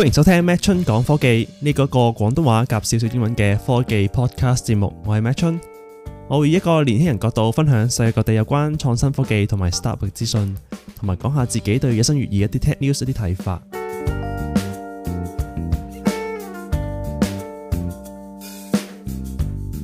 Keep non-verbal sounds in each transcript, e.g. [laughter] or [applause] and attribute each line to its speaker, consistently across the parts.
Speaker 1: 歡迎收聽麥春講科技呢、這個一個廣東話夾少少英文嘅科技 podcast 節目。我係麥春，我會以一個年輕人角度分享世界各地有關創新科技同埋 startup 嘅資訊，同埋講下自己對日新月異嘅一啲 tech news 一啲睇法。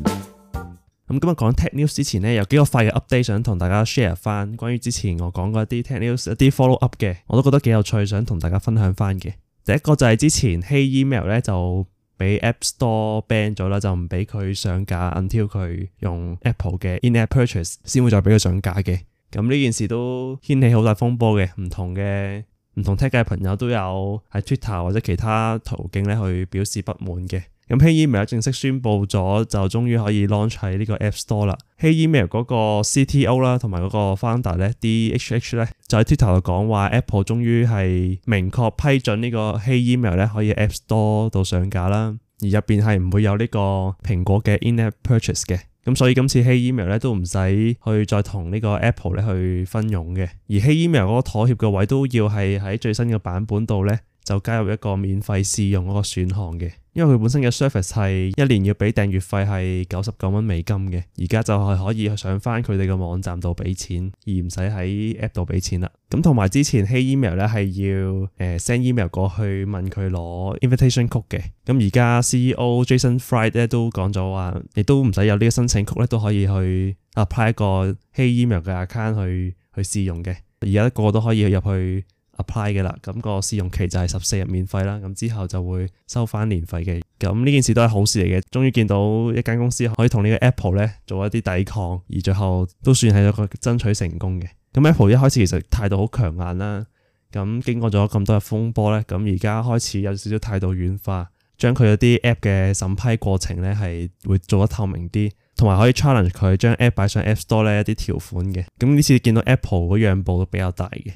Speaker 1: 咁、嗯、今日講 tech news 之前呢，有幾個快嘅 update 想同大家 share 翻。關於之前我講過一啲 tech news 一啲 follow up 嘅，我都覺得幾有趣，想同大家分享翻嘅。第一個就係之前 Hey Email 咧就俾 App Store ban 咗啦，就唔俾佢上架，until 佢用 Apple 嘅 In App Purchase 先會再俾佢上架嘅。咁呢件事都掀起好大風波嘅，唔同嘅唔同 tag 嘅朋友都有喺 Twitter 或者其他途徑咧去表示不滿嘅。咁 Hey Email 正式宣布咗，就終於可以 launch 喺呢個 App Store 啦。Hey Email 嗰個 CTO 啦，同埋嗰個 founder 咧，DHH 咧，就喺 Twitter 度講話 Apple 終於係明確批准呢個 Hey Email 咧可以 App Store 度上架啦，而入邊係唔會有呢個蘋果嘅 In App Purchase 嘅，咁所以今次 Hey Email 咧都唔使去再同呢個 Apple 咧去分傭嘅，而 Hey Email 嗰個妥協嘅位都要係喺最新嘅版本度咧就加入一個免費試用嗰個選項嘅。因為佢本身嘅 service 係一年要俾訂閱費係九十九蚊美金嘅，而家就係可以上翻佢哋嘅網站度俾錢，而唔使喺 app 度俾錢啦。咁同埋之前，Hey Email 咧係要誒、呃、send email 過去問佢攞 invitation 曲嘅。咁而家 CEO Jason Fried 咧都講咗話，你都唔使有呢個申請曲咧都可以去 apply 一個 Hey Email 嘅 account 去去試用嘅，而家個個都可以入去。Apply 嘅啦，咁、那個試用期就係十四日免費啦，咁之後就會收翻年費嘅。咁呢件事都係好事嚟嘅，終於見到一間公司可以同呢個 Apple 咧做一啲抵抗，而最後都算係一個爭取成功嘅。咁 Apple 一開始其實態度好強硬啦，咁經過咗咁多日風波咧，咁而家開始有少少態度軟化，將佢一啲 App 嘅審批過程咧係會做得透明啲，同埋可以 challenge 佢將 App 擺上 App Store 咧一啲條款嘅。咁呢次見到 Apple 個讓步都比較大嘅。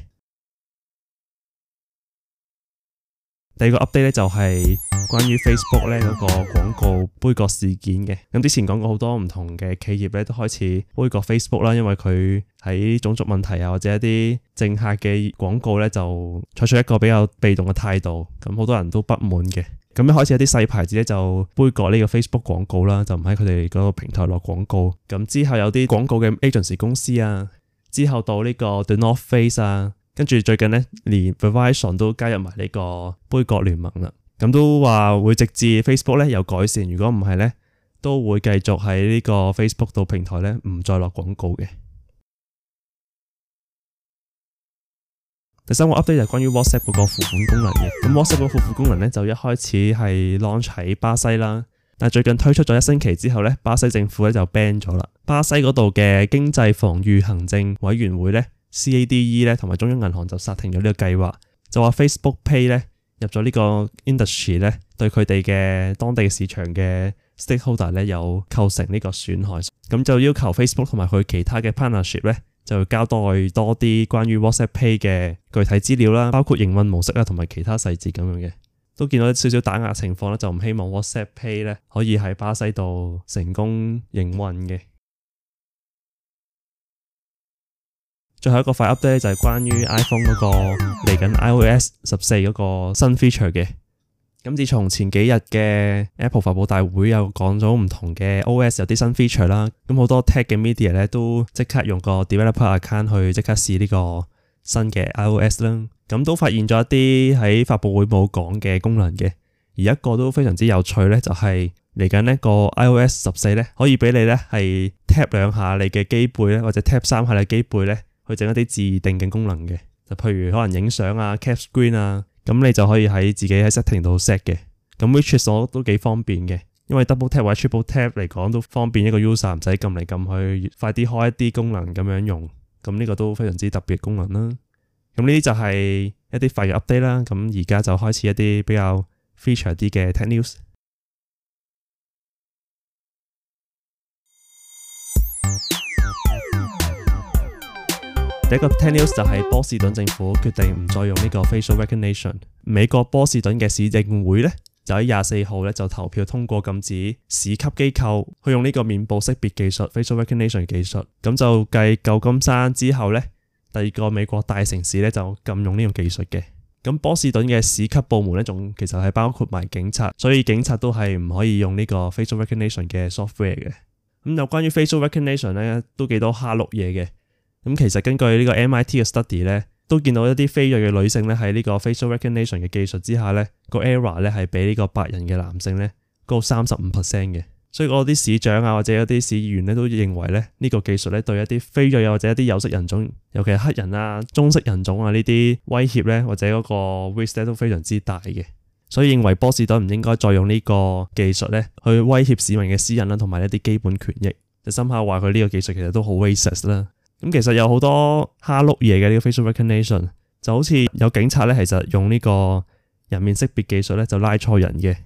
Speaker 1: 第二個 update 咧就係關於 Facebook 咧嗰個廣告杯葛事件嘅。咁之前講過好多唔同嘅企業咧都開始杯葛 Facebook 啦，因為佢喺種族問題啊或者一啲政客嘅廣告咧就採取一個比較被動嘅態度，咁好多人都不滿嘅。咁一開始一啲細牌子咧就杯葛呢個 Facebook 廣告啦，就唔喺佢哋嗰個平台落廣告。咁之後有啲廣告嘅 agency 公司啊，之後到呢個 The North Face 啊。跟住最近呢，連 Verizon 都加入埋呢個杯葛聯盟啦，咁都話會直至 Facebook 呢有改善，如果唔係呢，都會繼續喺呢個 Facebook 度平台呢唔再落廣告嘅。第三個 update 就關於 WhatsApp 嗰個付款功能嘅，咁 WhatsApp 個付款功能呢，就一開始係 launch 喺巴西啦，但最近推出咗一星期之後呢，巴西政府呢就 ban 咗啦，巴西嗰度嘅經濟防禦行政委員會呢。CADE 咧同埋中央銀行就剎停咗呢個計劃，就話 Facebook Pay 咧入咗呢個 industry 咧對佢哋嘅當地市場嘅 stakeholder 咧有構成呢個損害，咁就要求 Facebook 同埋佢其他嘅 partnership 咧就交代多啲關於 WhatsApp Pay 嘅具體資料啦，包括營運模式啊同埋其他細節咁樣嘅，都見到少少打壓情況咧，就唔希望 WhatsApp Pay 咧可以喺巴西度成功營運嘅。最後一個快 update 就係關於 iPhone 嗰個嚟緊 iOS 十四嗰個新 feature 嘅。咁自從前幾日嘅 Apple 發布大會又講咗唔同嘅 OS 有啲新 feature 啦，咁好多 Tech 嘅 media 咧都即刻用個 developer account 去即刻試呢個新嘅 iOS 啦。咁都發現咗一啲喺發布會冇講嘅功能嘅。而一個都非常之有趣咧，就係嚟緊呢個 iOS 十四咧，可以俾你咧係 tap 兩下你嘅機背咧，或者 tap 三下你嘅機背咧。會整一啲自定嘅功能嘅，就譬如可能影相啊、Capscreen 啊，咁你就可以喺自己喺 setting 度 set 嘅。咁 which is 我都幾方便嘅，因為 double tap 或者 triple tap 嚟講都方便一個 user 唔使撳嚟撳去，快啲開一啲功能咁樣用。咁呢個都非常之特別嘅功能啦。咁呢啲就係一啲快嘅 update 啦。咁而家就開始一啲比較 feature 啲嘅 tech news。第一個 tech news 就係波士頓政府決定唔再用呢個 facial recognition。美國波士頓嘅市政會呢，就喺廿四號呢就投票通過禁止市級機構去用呢個面部識別技術 （facial recognition 技術）。咁就繼舊金山之後呢，第二個美國大城市呢，就禁用呢種技術嘅。咁波士頓嘅市級部門呢，仲其實係包括埋警察，所以警察都係唔可以用呢個 facial recognition 嘅 software 嘅。咁就關於 facial recognition 呢，都幾多蝦碌嘢嘅。咁其實根據呢個 MIT 嘅 study 咧，都見到一啲非裔嘅女性咧喺呢個 facial recognition 嘅技術之下咧，個 error 咧係比呢個白人嘅男性咧高三十五 percent 嘅。所以嗰啲市長啊或者一啲市議員咧都認為咧，呢個技術咧對一啲非裔或者一啲有色人種，尤其係黑人啊、棕色人種啊呢啲威脅咧或者嗰個 racism 都非常之大嘅。所以認為波士頓唔應該再用呢個技術咧去威脅市民嘅私隱啦同埋一啲基本權益，就深刻話佢呢個技術其實都好 racist 啦。咁其實有好多蝦碌嘢嘅呢個 facial recognition，就好似有警察咧，其實用呢個人面識別技術咧，就拉錯人嘅。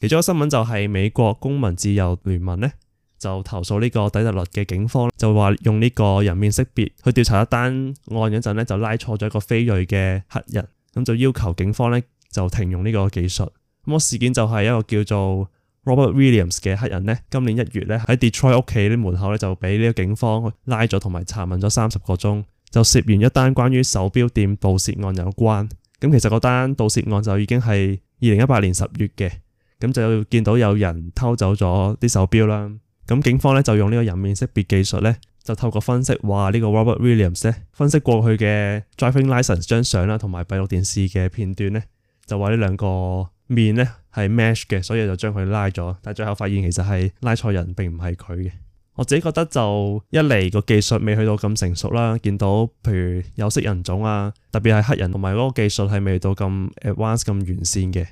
Speaker 1: 其中一個新聞就係美國公民自由聯盟咧，就投訴呢個底特律嘅警方，就話用呢個人面識別去調查一單案嗰陣咧，就拉錯咗一個非裔嘅黑人，咁就要求警方咧就停用呢個技術。咁個事件就係一個叫做 Robert Williams 嘅黑人咧，今年一月咧喺 Detroit 屋企啲門口咧就俾呢個警方拉咗同埋查問咗三十個鐘，就涉完一單關於手錶店盜竊案有關。咁其實個單盜竊案就已經係二零一八年十月嘅，咁就見到有人偷走咗啲手錶啦。咁警方咧就用呢個人面識別技術咧，就透過分析話呢個 Robert Williams 咧，分析過去嘅 driving license 張相啦，同埋閉路電視嘅片段咧，就話呢兩個。面咧係 match 嘅，所以就將佢拉咗。但係最後發現其實係拉錯人，並唔係佢嘅。我自己覺得就一嚟個技術未去到咁成熟啦，見到譬如有色人種啊，特別係黑人同埋嗰個技術係未到咁 advanced、咁完善嘅。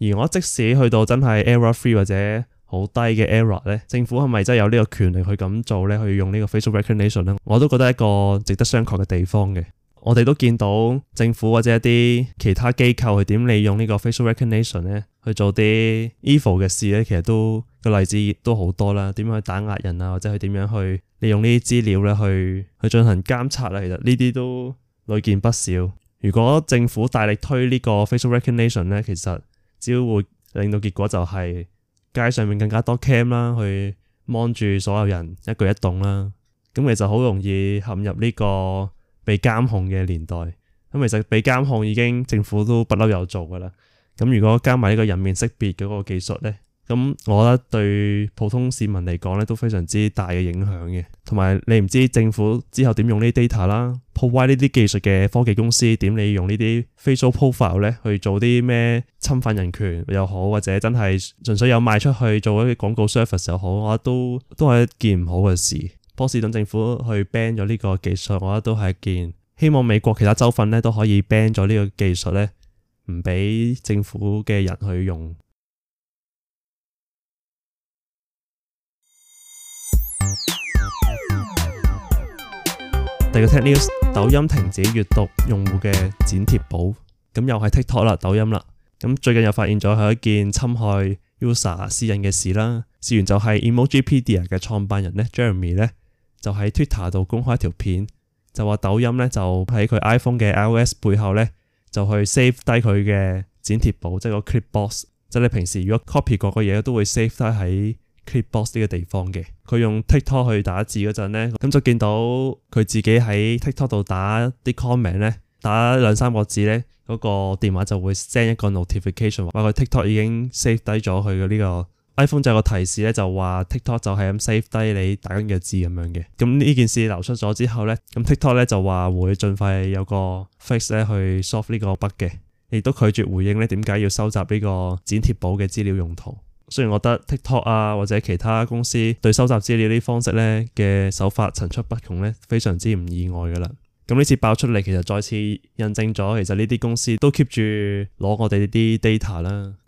Speaker 1: 而我即使去到真係 error free 或者好低嘅 error 咧，政府係咪真係有呢個權力去咁做呢？去用呢個 facial recognition 呢，我都覺得一個值得商榷嘅地方嘅。我哋都見到政府或者一啲其他機構去點利用個呢個 facial recognition 咧，去做啲 evil 嘅事咧，其實都個例子亦都好多啦。點樣去打壓人啊，或者去點樣去利用資呢啲資料咧，去去進行監察啦、啊。其實呢啲都屢見不少。如果政府大力推個呢個 facial recognition 咧，其實只要會令到結果就係街上面更加多 cam 啦，去望住所有人一舉一動啦。咁其實好容易陷入呢、這個。被監控嘅年代，咁其實被監控已經政府都不嬲有做噶啦。咁如果加埋呢個人面識別嗰個技術呢，咁我覺得對普通市民嚟講咧都非常之大嘅影響嘅。同埋你唔知政府之後點用呢啲 data 啦，provide 呢啲技術嘅科技公司點利用呢啲 facial profile 呢去做啲咩侵犯人權又好，或者真係純粹有賣出去做一啲廣告 service 又好，我覺得都都係一件唔好嘅事。波士頓政府去 ban 咗呢個技術，我覺得都係一件希望美國其他州份咧都可以 ban 咗呢個技術呢，唔俾政府嘅人去用。 [music] 第二個 tech news，抖音停止閲讀用戶嘅剪貼簿，咁又係 TikTok 啦，抖音啦，咁最近又發現咗係一件侵害 user 私隱嘅事啦。事緣就係 Emojipedia 嘅創辦人咧，Jeremy 呢。就喺 Twitter 度公開一條片，就話抖音咧就喺佢 iPhone 嘅 iOS 背後咧，就去 save 低佢嘅剪貼簿，即係個 clip box。即係你平時如果 copy 個個嘢，都會 save 低喺 clip box 呢個地方嘅。佢用 TikTok 去打字嗰陣咧，咁就見到佢自己喺 TikTok 度打啲 comment 咧，打兩三個字咧，嗰個電話就會 send 一個 notification，話佢 TikTok 已經 save 低咗佢嘅呢個。iPhone 就有個提示咧，就話 TikTok 就係咁 save 低你打緊嘅字咁樣嘅。咁呢件事流出咗之後咧，咁 TikTok 咧就話會盡快有個 fix 咧去 solve 呢個 bug 嘅，亦都拒絕回應咧點解要收集呢個剪貼簿嘅資料用途。雖然我覺得 TikTok 啊或者其他公司對收集資料呢方式咧嘅手法層出不窮咧，非常之唔意外噶啦。咁呢次爆出嚟，其實再次印證咗，其實呢啲公司都 keep 住攞我哋啲 data 啦。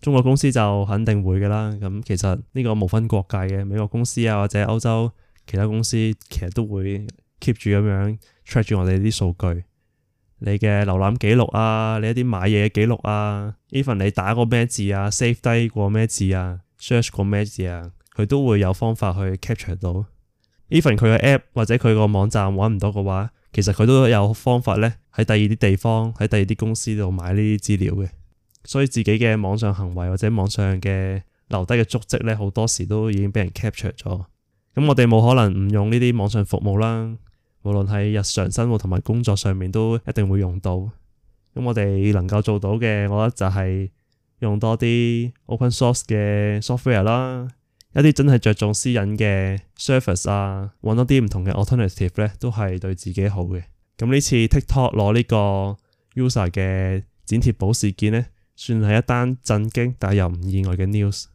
Speaker 1: 中國公司就肯定會㗎啦，咁其實呢個無分國界嘅美國公司啊，或者歐洲其他公司，其實都會 keep 住咁樣 check 住我哋啲數據，你嘅瀏覽記錄啊，你一啲買嘢嘅記錄啊，even 你打過咩字啊，save 低過咩字啊，search 過咩字啊，佢、啊啊、都會有方法去 capture 到。even 佢嘅 app 或者佢個網站揾唔到嘅話，其實佢都有方法咧喺第二啲地方，喺第二啲公司度買呢啲資料嘅。所以自己嘅網上行為或者網上嘅留低嘅足跡咧，好多時都已經俾人 capture 咗。咁我哋冇可能唔用呢啲網上服務啦，無論喺日常生活同埋工作上面都一定會用到。咁我哋能夠做到嘅，我覺得就係用多啲 open source 嘅 software 啦，一啲真係着重私隱嘅 service 啊，揾多啲唔同嘅 alternative 咧，都係對自己好嘅。咁呢次 TikTok 攞呢個 user 嘅剪貼簿事件咧，算係一單震驚但又唔意外嘅 news。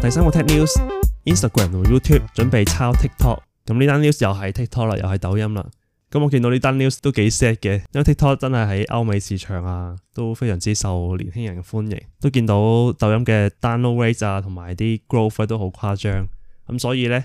Speaker 1: 第三個 tech news，Instagram 同 YouTube 準備抄 TikTok，咁呢單 news 又係 TikTok 啦，又係抖音啦。咁我見到呢單 news 都幾 sad 嘅，因為 TikTok 真係喺歐美市場啊都非常之受年輕人嘅歡迎，都見到抖音嘅 download rate 啊同埋啲 growth 啊都好誇張。咁所以呢。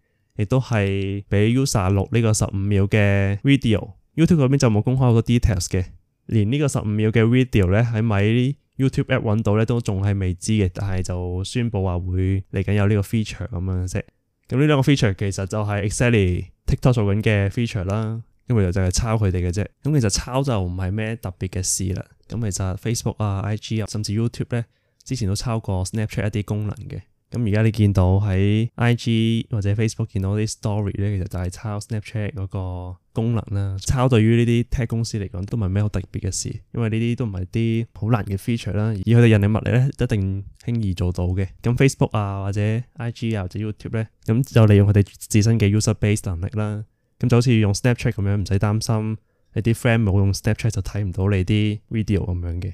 Speaker 1: 亦都係俾 user 錄呢個十五秒嘅 video，YouTube 嗰邊就冇公開多 details 嘅，連個呢個十五秒嘅 video 咧喺咪 YouTube app 揾到咧都仲係未知嘅，但係就宣布話會嚟緊有呢個 feature 咁樣啫。咁呢兩個 feature 其實就係 x c e l l TikTok 做緊嘅 feature 啦，因為就係抄佢哋嘅啫。咁其實抄就唔係咩特別嘅事啦。咁其實 Facebook 啊、IG 啊，甚至 YouTube 咧，之前都抄過 Snapchat 一啲功能嘅。咁而家你見到喺 IG 或者 Facebook 見到啲 story 咧，其實就係抄 Snapchat 嗰個功能啦。抄對於呢啲 tech 公司嚟講都唔係咩好特別嘅事，因為呢啲都唔係啲好難嘅 feature 啦，以佢哋人力物力咧一定輕易做到嘅。咁 Facebook 啊或者 IG 啊，或者 YouTube 咧，咁就利用佢哋自身嘅 user base 能力啦。咁就好似用 Snapchat 咁樣，唔使擔心你啲 friend 冇用 Snapchat 就睇唔到你啲 video 咁樣嘅。